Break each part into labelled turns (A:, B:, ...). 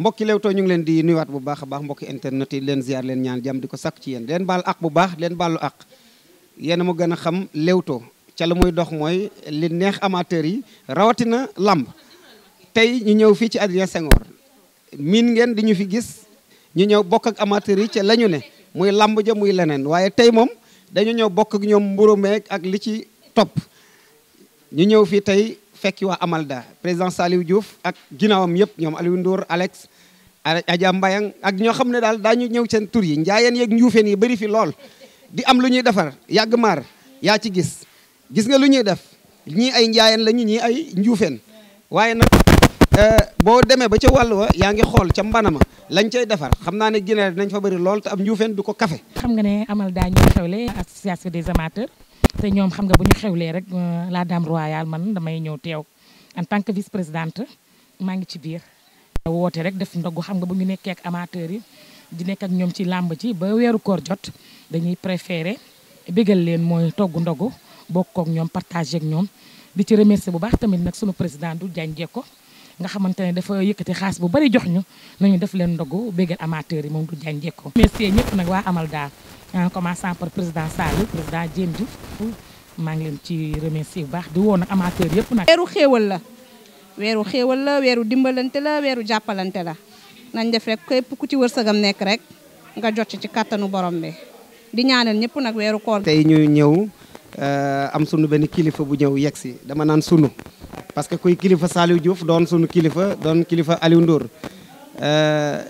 A: mbokki Leewtoo ñu ngi leen di nuyuwaat bu baax a baax mbokki internet yi leen ziar leen ñaan jàmm di ko sakku ci yéen leen baal ak bu baax leen baalu ak yéen a ma gën a xam Leewtoo ca la muy dox mooy li neex amateur yi rawatina làmb tey ñu ñëw fii ci Adrien Senghor miin ngeen di ñu fi gis ñu ñëw bokk ak amateur yi ca la ñu ne muy làmb ja muy leneen waaye tey moom dañu ñëw bokk ak ñoom mburu meeg ak li ci topp ñu ñëw fii tey fekki waa Amalda président Saliou Diouf ak ginnaawam yëpp ñoom Aliou Ndour Alex Adja Mbayang ak ñoo xam ne daal daañu ñëw seen tur yi njaayeen yeek njuufeen yi bëri fi lool di am lu ñuy defar yàgg maar yaa ci gis gis nga lu ñuy def ñii ay njaayeen lañu ñii ay njuufeen waaye nag euh, boo demee ba ca wàll wa yaa ngi xool ca mbanama lañ cay defar xam naa ne Guinée nañ fa bari lool te am njuufeen du ko kafe.
B: xam nga ne Amalda ñoo xewle association des amateurs. te ñoom xam nga bu ñu xewlee rek euh, la dame royale man damay ñëw teew en tant que vice présidente maa ngi ci biir. woote rek def ndogu xam nga ba ñu nekkee ak amateurs yi di nekk ak ñoom ci làmb ji ba weeru koor jot dañuy préféré bégal leen mooy togg ndogu bokk ak ñoom partagé ak ñoom di ci remercier bu baax tamit nag sunu président du jànjee ko nga xamante ne dafa yëkkati xaas bu bari jox ñu nañu def leen ndogu bégal amateur yi moom du jaan jekko merci nag waa amal daal en commençant par président Sall président Diène ngi ci remercier bu baax di woo nag yëpp nag weeru xéewal la weeru xéewal la weeru dimbalante la weeru jàppalante la nañ def rek képp ku ci am nekk rek nga jot ci ci kàttanu borom bi di ñaanal ñëpp nag weeru koor tey
A: ñu ñëw euh, am sunu benn kilifa bu ñëw yegg si dama naan sunu parce que koy kilifa Saliou Diouf doon sunu kilifa doon kilifa Aliou Ndour euh,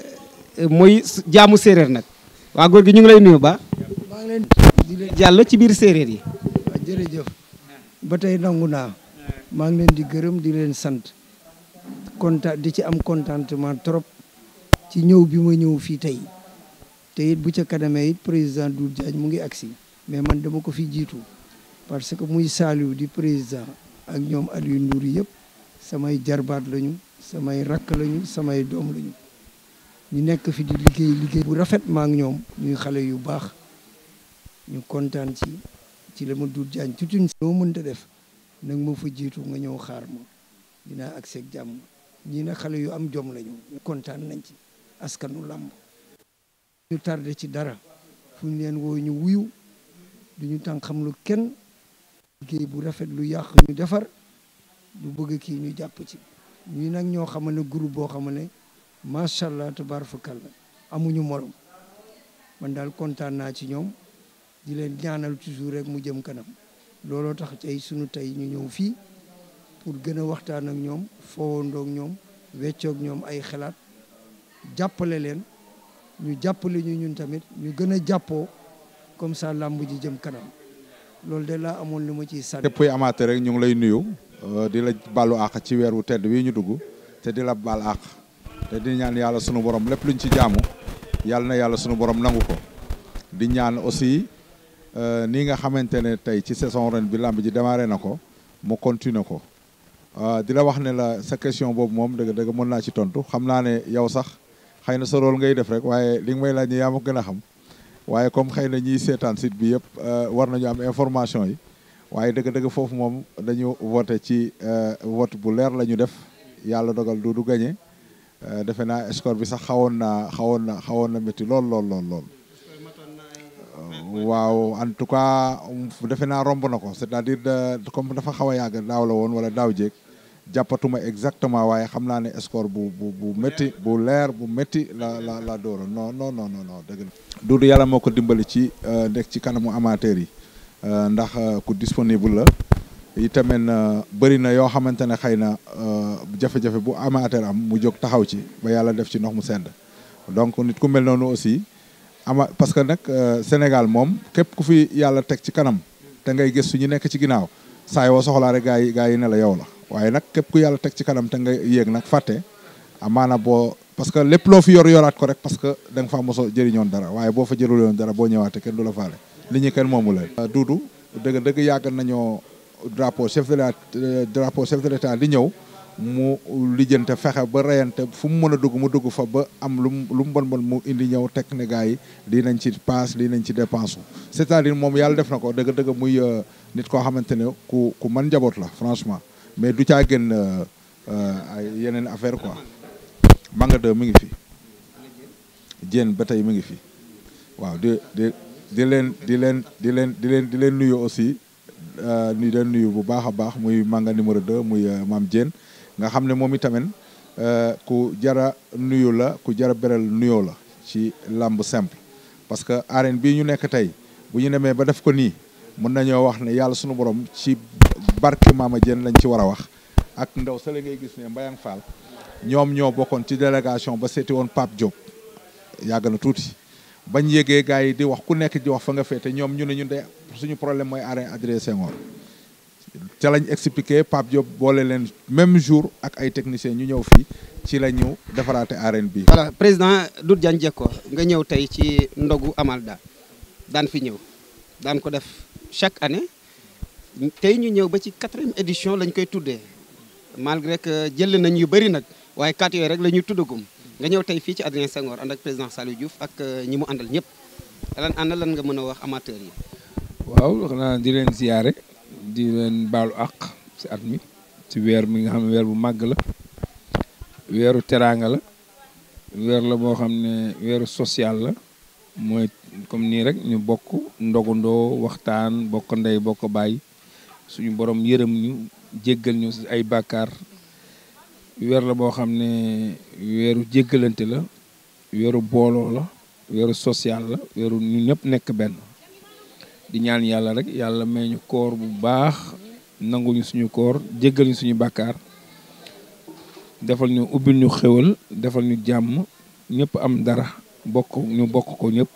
A: mooy jaamu séeréer nag waa góor gi ñu ngi lay nuyu ba.
C: maa ngi leen di leen
A: jàll ci biir séeréer yi. jërëjëf ba tey nangu
C: naa maa ngi leen di gërëm di leen sant kontaan di ci am contentement trop ci ñëw bi ma ñëw fii tey te it bu ca kanamee it président Doudou Diagne mu ngi agsi mais man dama ko fi jiitu parce que muy Saliou di président. ak ñoom Aliou Ndour yëpp samay jarbaat lañu samay rakk lañu samay doom lañu ñu nekk fi di liggéey liggéey bu rafet ma ak ñoom ñuy xale yu baax ñu kontaan ci ci la ma dul jaañ tutuñ loo mënta def nag ma fa jiitu nga ñëw xaar ma dina agsi ak jàmm ñii nag xale yu am jom lañu kontaan nañ ci askanu làmb ñu tardé ci dara fu ñu leen woo ñu wuyu duñu tànk xam lu kenn liggéey bu rafet lu yàq ñu defar lu bëgg kii ñu jàpp ci ñu nag ñoo xam ne groupe boo xam ne macha allah tabaar fakal amuñu morom mën daal kontaan naa ci ñoom di leen ñaanal toujours rek mu jëm kanam looloo tax ci ay suñu tey ñu ñëw fii pour gën a waxtaan ak ñoom fowandoo ñoom weccoog ñoom ay xalaat jàppale leen ñu jàppale ñu ñun tamit ñu gën a jàppoo comme ça làmb ji jëm kanam loolu de laa amoon lu ma ciy sànni. képp
D: kuy amaate rek ñu ngi lay nuyu. Euh, di la baalu àq ci weer wu tedd wi ñu dugg te di la baal àq te di ñaan yàlla sunu borom lépp luñ ci jaamu yàlla na yàlla sunu borom nangu ko di ñaan aussi euh, ni nga xamante ne tey ci saison ren bi làmb ji démarré na ko mu continuer ko euh, di la wax ne la sa question boobu moom dëgg dëgg mën naa ci tontu xam naa ne yow sax xëy na sa rôle ngay def rek waaye li nga may laaj ne ma gën a xam. waaye comme xëy na ñiy seetaan site bi yëpp euh, war nañu am information yi waaye dëgg-dëgg foofu moom dañu voté ci euh, vote bu leer la ñu def yàlla dogal du du gagné euh, defe naa score bi sax xawoon naa xawoon na xawoon na métti lool lool lool lool. waaw en tout cas defe naa romb na ko c'est-à-dire comme dafa xaw a yàgg daaw la woon wala daaw jéeg. jàppatuma exactement waaye xam naa ne score bu bu bu métti bu leer bu métti la la la dóora non non non na. Doudou yàlla moo ko dimbali ci euh, nekk ci kanamu amateur yi euh, ndax euh, ku disponible la itamit bëri na yoo xamante ne xëy na jafe-jafe bu amateur am mu jóg taxaw ci ba yàlla def ci ndox mu sedd donc nit ku mel noonu aussi parce que nag Sénégal moom képp ku fi yàlla teg ci kanam te ngay gëstu ñu nekk ci ginnaaw saa yoo soxlaa rek gaa yi gaa yi ne la yow la. waaye nag képp ku yàlla teg ci kanam te nga yéeg nag fàtte maana boo parce que lépp loo fi yor yoraat ko rek parce que dang nga faa mos jëriñoon dara waaye boo fa jëluloon dara boo ñëwaatee kenn du la faale li ñu kenn moomu leen euh, duudu dëgg dëgg yàgg nañoo drapeau chef de la euh, drapeau di ñëw mu lijjante fexe ba reyante fu mu mën a dugg mu dugg fa ba am lu mu lu mu bon bon mu indi ñëw teg ne gars yi lii nañ ci paas lii nañ ci dépense wu c'est-à-dire moom yàlla def na ko dëgg dëgg muy euh, nit koo xamante ne ku mën njaboot la franchement mais du caa gën euh, euh, ay yeneen affaire quoi Manga 2 mi ngi fi Diène ba tey mi ngi fi waaw di di leen di leen di leen di leen di leen nuyu aussi ñu euh, leen nuyu bu baax a baax muy Manga numéro 2 muy maam Diène nga xam ne moom itamit ku jara nuyu la ku jara beral nuyoo la ci làmb simple parce que arène bii ñu nekk tey bu ñu demee ba def ko nii mën nañoo wax ne yàlla sunu borom ci barke Maama Dieng lañ ci war a wax ak ndaw sa sële ngay gis ne Mbayang Fall ñoom ñoo bokkoon ci délégation ba seeti woon Pape Diop yàgg na tuuti bañ yégee gars yi di wax ku nekk di wax fa nga féete ñoom ñun ne ñun de suñu problème mooy arrêt Adrien Senghor ca lañ expliqué Pape Diop boole leen même jour ak ay techniciens ñu ñëw fii ci la ñu defaraate arène bi. voilà président Doudou Diagne Diecko
A: nga ñëw tey ci ndogu Amalda daan fi ñëw. daan ko def chaque année tey ñu ñëw ba ci quatrième édition lañ koy tuddee malgré que jël nañ yu bëri nag waaye quatre yooyu rek la ñuy tuddagum nga ñëw tey fii ci Adrien Senghor ànd ak président Saliou Diouf ak euh, ñi mu àndal ñëpp lan ànd lan nga mën a wax amateur yi.
E: waaw xanaa di leen siyaare di leen baalu àq ci at mi ci weer mi nga xam ne weer bu màgg la weeru teraanga la weer la boo xam ne weeru social la mooy comme nii rek ñu bokk ndogandoo waxtaan bokk ndey bokk bàyyi suñu boroom yërëm ñu jéggal ñu ay bàkkaar weer la boo xam ne weeru jéggalante la weeru booloo la weeru social la weeru ñu ñëpp nekk benn di ñaan yàlla rek yàlla may ñu koor bu baax nanguñu suñu koor jéggal ñu suñu bàkkaar defal ñu ubbil ñu xéwal defal ñu jàmm ñépp am dara bokk ñu bokk ko ñëpp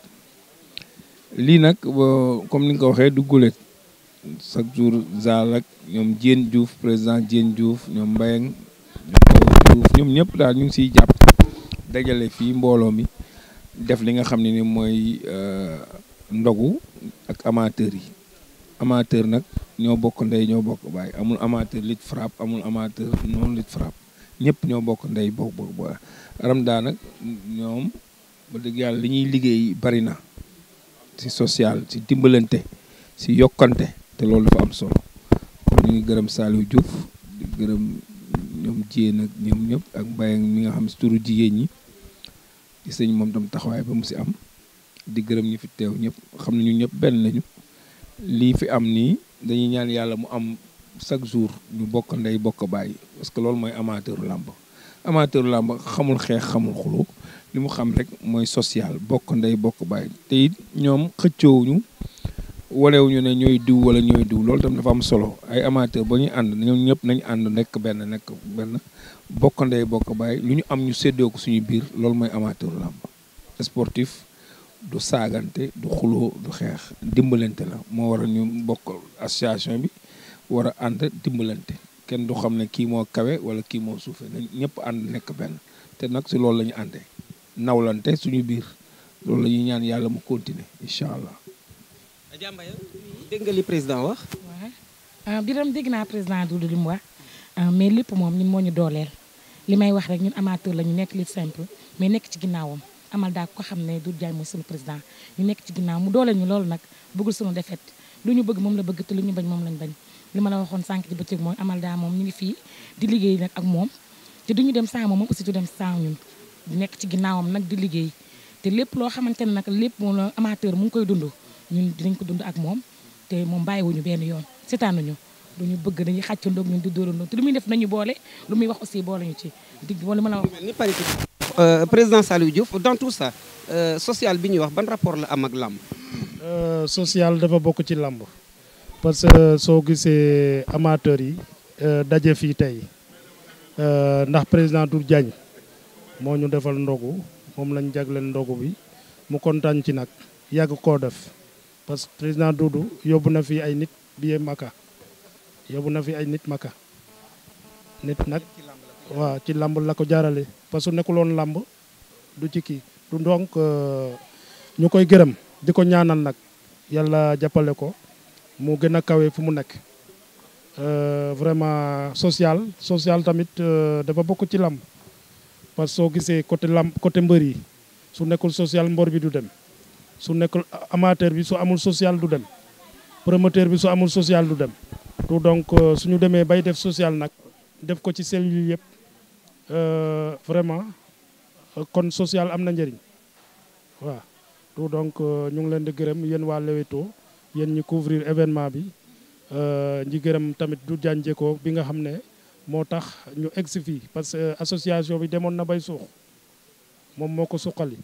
E: lii nag comme ni nga ko waxee du gulet chaque jour Zal ak ñoom Diène Diouf président Diène Diouf ñoom Mbayang ñoom ñëpp daal ñu ngi siy jàpp dajale fii mbooloo mi def li nga xam ne ni mooy euh, ndogu ak amateur yi amateur nag ñoo bokk ndey ñoo bokk baay amul amateur lit frappe amul amateur noonu lit frappe ñëpp ñoo bokk ndey bokk bokk ñoom ba dëgg yàlla li ñuy liggéey bari na si social ci dimbalante si yokkante te loolu dafa am solo kon ñu ngi gërëm Saliou Diouf di gërëm ñoom jigéen ak ñoom ñëpp ak Mbaye mi nga xam si turu jigéen ñi di sëñ moom tam taxawaay ba mu si am di gërëm ñu fi teew ñëpp xam nañu ñu ñëpp benn nañu lii fi am nii dañuy ñaan yàlla mu am chaque jour ñu bokk ndey bokk bàyyi parce que loolu mooy amateuru làmb amateuru làmb xamul xeex xamul xuloo li mu xam rek mooy social bokk ndey bokk bàyyi te it ñoom xëccoowuñu walewuñu ne ñooy diw wala ñooy diw loolu tam dafa am solo ay amateur ba ñuy ànd ñoom ñëpp nañu ànd nekk benn nekk benn bokk ndey bokk bàyyi lu ñu am ñu séddoo ko suñu biir loolu mooy amateur làmb sportif du saagante du xuloo du xeex dimbalante la moo war ñu bokk association bi wara a ànd dimbalante kenn du xam ne kii moo kawe wala kii moo suufe na ñëpp ànd nekk benn te nag si loolu la ñu àndee nawlante suñu biir loolu la ñuy ñaan yàlla mu continuer incha allah. Adja Mbaye dégg nga li président wax.
B: waaw euh, Birame dégg naa président Doudou li mu wax euh, mais lépp moom ñun moo ñu dooleel li may wax rek ñun amateur la ñu nekk li simple mais nekk ci ginnaawam amal daa ko xam ne du Diagne mooy suñu président ñu nekk ci ginnaaw mu dooleel ñu loolu nag bëggul suñu defet lu ñu bëgg moom la bëgg te lu ñu bañ moom lañ bañ li ma la waxoon sànq ci bëccëg mooy amal daa moom ñu ngi fii di liggéey nag ak moom duñu dem sans moom aussi du dem sans ñun. di nekk ci ginnaawam nag di liggéey te lépp loo xamante ne nag lépp moom amateur mu ngi koy dund ñun dinañ ko dund ak moom te moom bàyyiwuñu benn yoon seetaanuñu duñu bëgg dañuy xàcc ak ñun di dóorandoo te lu muy def nañu boole lu muy wax aussi boole ñu ci di boole ma a wax
A: euh, président Saliou Diouf dans tout ça euh, social bi ñuy wax ban rapport la am ak làmb
F: euh, social dafa bokk ci làmb parce que soo gisee amateurs yi daje fii tey ndax président du Diagne moo ñu defal ndogu moom lañ jagleel ndogu bi mu kontaan ci nag yàgg koo def parce que président Doudou yóbbu na fi ay nit biyee Maka yóbbu na fi ay nit Maka nit nag waaw ci lamb la ko jaarale parce que nekkuloon lamb du ci kii du donc euh, ñu koy gërëm di ko ñaanal nag yàlla jàppale ko mu gën a kawe fu mu nekk euh, vraiment social social tamit euh, dafa bokk ci lamb parce que soo gisee côté lamb côté mbër yi su nekkul social mbor bi du dem su nekkul amateur bi su amul sociale du dem promoteur bi su amul sociale du dem tout donc euh, su ñu demee bay def social nag def ko ci cellules yëpp euh, vraiment euh, kon social am na njëriñ waaw tout donc ñu ngi leen di gërëm yéen waa Leewtoo yéen ñi couvrir événement bi ñi gërëm tamit du jànjekoo bi nga xam ne moo tax ñu egsi fii parce que euh, association bi demoon na bay suux moom moo ko suqali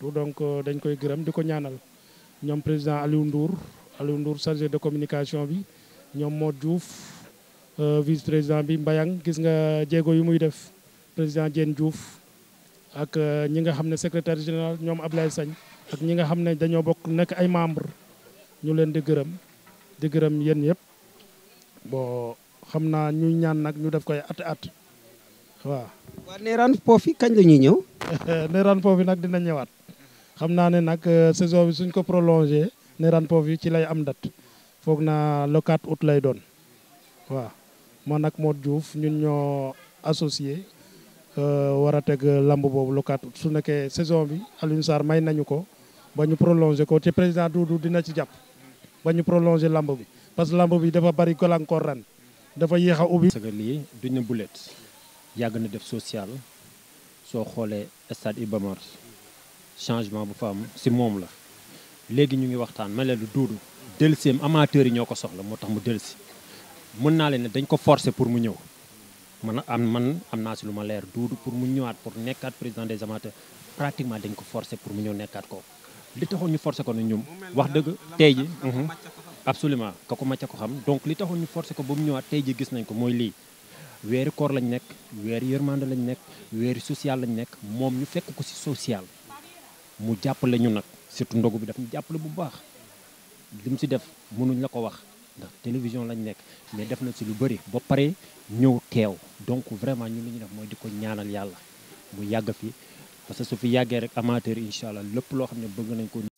F: donc euh, dañ koy gërëm di ko ñaanal ñoom président Aliou nduur Aliou Ndour chargé de communication bi ñoom moo Diouf euh, vice président bi Mbayang gis nga jéego yu muy def président Diène Diouf ak ñi nga xam ne secrétaire général ñoom Ablaye sañ ak ñi nga xam ne dañoo bokk nekk ay membre ñu leen di gërëm di gërëm yéen yëpp xam naa ñu ñaan nag ñu def koy at at waaw. waa Neeraan Poofi kañ la ñuy ñëw. Neeraan Poofi nag dina ñëwaat xam naa ne nag euh, saison bi suñ ko prolongé Neeraan Poofi ci lay am date foog naa le 4 août lay doon waaw man nag Modou Diouf ñun ñoo associé euh, war a teg lamb boobu le 4 su nekkee saison bi Alioune Sarr may nañu ko ba ñu prolongé ko ci président Doudou dina ci jàpp ba ñu prolongé lamb bi parce que lamb bi dafa bari gàllankoor ren. dafa yéex a ubbi. parce que lii duñ ne bulet yàgg na def social soo xoolee stade Iba
A: changement bu fa am si moom la léegi ñu ngi waxtaan ma leen lu duudu delluseem amateur yi ñoo ko soxla moo tax mu dellusi mën naa leen ne dañ ko forcer pour mu ñëw man am man am naa si lu ma leer duudu pour mu ñëwaat pour nekkaat président des amateurs pratiquement dañ ko forcer pour mu ñëw nekkaat ko li taxoon ñu forcer ko na ñoom wax dëgg tey ji mhm. absolument ko ko macca ko xam donc li taxoon ñu forcé ko ba mu ñëwaat tey ji gis nañ ko mooy lii weeri koor lañ nekk weeri yërmande lañ nekk weeri social lañ nekk moom ñu fekk ko ci social mu jàppale ñu nag surtout ndogu bi daf ñu jàppale bu baax li mu ci def mënuñ la ko wax ndax télévision lañ nekk mais def na si lu bëri ba pare ñëw teew donc vraiment ñun li ñu def mooy di ko ñaanal yàlla mu yàgg fi parce que su fi yàggee rek amateur incha allah
E: loo xam ne bëgg nañ ko